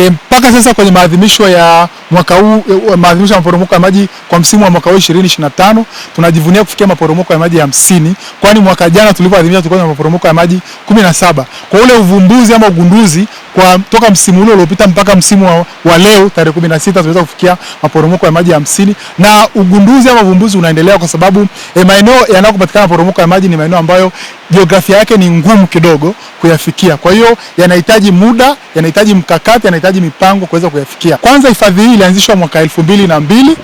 E, mpaka sasa kwenye maadhimisho ya mwaka huu eh, maadhimisho ya maporomoko ya maji kwa msimu wa mwaka huu 2025 tunajivunia kufikia maporomoko ya maji hamsini, kwani mwaka jana tulipoadhimisha tulikuwa na maporomoko ya maji 17. Kwa ule uvumbuzi ama ugunduzi kwa toka msimu ule uliopita mpaka msimu wa, wa leo tarehe 16 tunaweza kufikia maporomoko ya maji hamsini, na ugunduzi ama uvumbuzi unaendelea kwa sababu eh, maeneo yanayopatikana maporomoko ya maji ni maeneo ambayo jiografia yake ni ngumu kidogo kuyafikia. Kwa hiyo yanahitaji muda, yanahitaji mkakati, yanahitaji mipango kuweza kuyafikia. Kwanza hifadhi hii ilianzishwa mwaka elfu mbili na mbili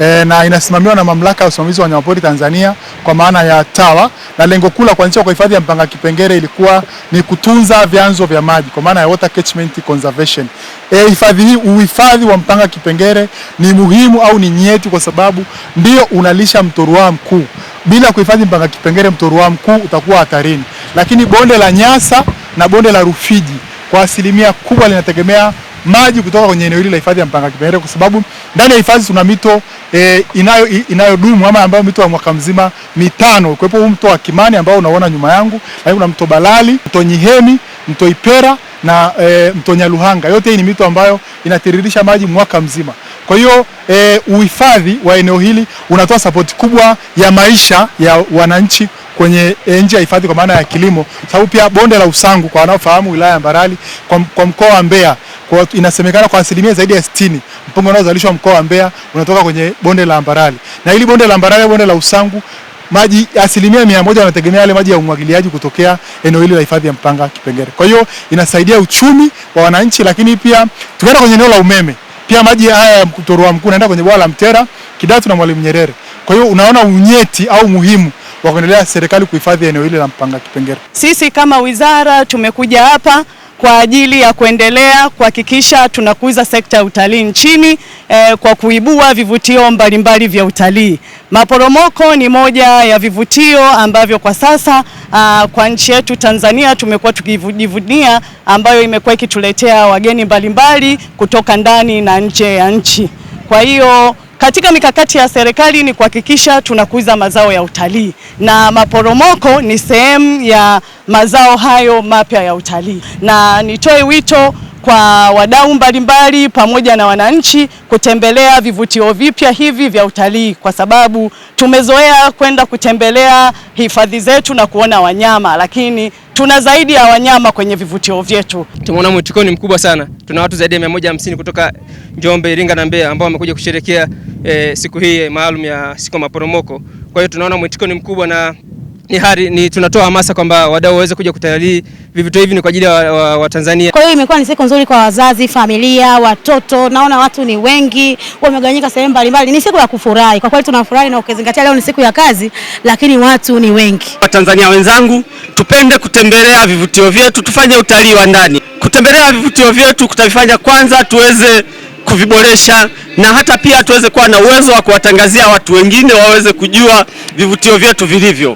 e, na inasimamiwa na mamlaka ya usimamizi wa wanyamapori Tanzania kwa maana ya TAWA, na lengo kuu la kuanzishwa kwa hifadhi ya Mpanga Kipengere ilikuwa ni kutunza vyanzo vya maji kwa maana ya water catchment conservation. E, hifadhi hii, uhifadhi wa Mpanga Kipengere ni muhimu au ni nyeti kwa sababu ndio unalisha mtoruaa mkuu. Bila kuhifadhi Mpanga Kipengere, mtoruaa mkuu utakuwa hatarini, lakini bonde la Nyasa na bonde la Rufiji kwa asilimia kubwa linategemea maji kutoka kwenye eneo hili la hifadhi ya Mpanga Kipengere, kwa sababu ndani ya hifadhi tuna mito e, inayo inayodumu ama ambayo mito ya mwaka mzima mitano, kuwepo huu mto wa Kimani ambao unaona nyuma yangu, lakini kuna mto Balali, mto Nyihemi, mto Ipera na e, mto Nyaluhanga. Yote hii ni mito ambayo inatiririsha maji mwaka mzima. Kwa hiyo e, uhifadhi wa eneo hili unatoa sapoti kubwa ya maisha ya wananchi kwenye nje ya hifadhi kwa maana ya kilimo, sababu pia bonde la Usangu kwa wanaofahamu wilaya ya Mbarali kwa, kwa mkoa wa Mbeya kwa inasemekana kwa asilimia zaidi ya 60 mpunga unaozalishwa mkoa wa Mbeya unatoka kwenye bonde la mbarali na hili bonde la Ambarare, bonde la Usangu, maji asilimia mia moja wanategemea yale maji ya umwagiliaji kutokea eneo hili la hifadhi ya Mpanga Kipengere. Kwa hiyo inasaidia uchumi wa wananchi, lakini pia tukienda kwenye eneo la umeme pia maji haya ya Mtorwa Mkuu naenda kwenye bwawa la Mtera, Kidatu na Mwalimu Nyerere. Kwa hiyo unaona unyeti au muhimu wa kuendelea serikali kuhifadhi eneo hili la Mpanga Kipengere. Sisi kama wizara tumekuja hapa kwa ajili ya kuendelea kuhakikisha tunakuza sekta ya utalii nchini eh, kwa kuibua vivutio mbalimbali mbali vya utalii. Maporomoko ni moja ya vivutio ambavyo kwa sasa aa, ah, kwa nchi yetu Tanzania tumekuwa tukijivunia, ambayo imekuwa ikituletea wageni mbalimbali kutoka ndani na nje ya nchi. Kwa hiyo katika mikakati ya serikali ni kuhakikisha tunakuza mazao ya utalii na maporomoko ni sehemu ya mazao hayo mapya ya utalii, na nitoe wito kwa wadau mbalimbali pamoja na wananchi kutembelea vivutio vipya hivi vya utalii, kwa sababu tumezoea kwenda kutembelea hifadhi zetu na kuona wanyama, lakini tuna zaidi ya wanyama kwenye vivutio vyetu. Tumeona mwitikio ni mkubwa sana, tuna watu zaidi ya 150 kutoka Njombe, Iringa na Mbeya ambao wamekuja kusherekea e, siku hii maalum ya siku ya maporomoko. Kwa hiyo tunaona mwitiko ni mkubwa na ni hari, ni tunatoa hamasa kwamba wadau waweze kuja kutalii. Vivutio hivi ni kwa ajili ya wa, Watanzania wa. Kwa hiyo imekuwa ni siku nzuri kwa wazazi, familia, watoto. Naona watu ni wengi, wamegawanyika sehemu mbalimbali. Ni siku ya kufurahi kwa kweli, tunafurahi na ukizingatia leo ni siku ya kazi, lakini watu ni wengi. Watanzania wenzangu, tupende kutembelea vivutio vyetu, tufanye utalii wa ndani. Kutembelea vivutio vyetu kutavifanya kwanza tuweze kuviboresha na hata pia tuweze kuwa na uwezo wa kuwatangazia watu wengine waweze kujua vivutio vyetu vilivyo.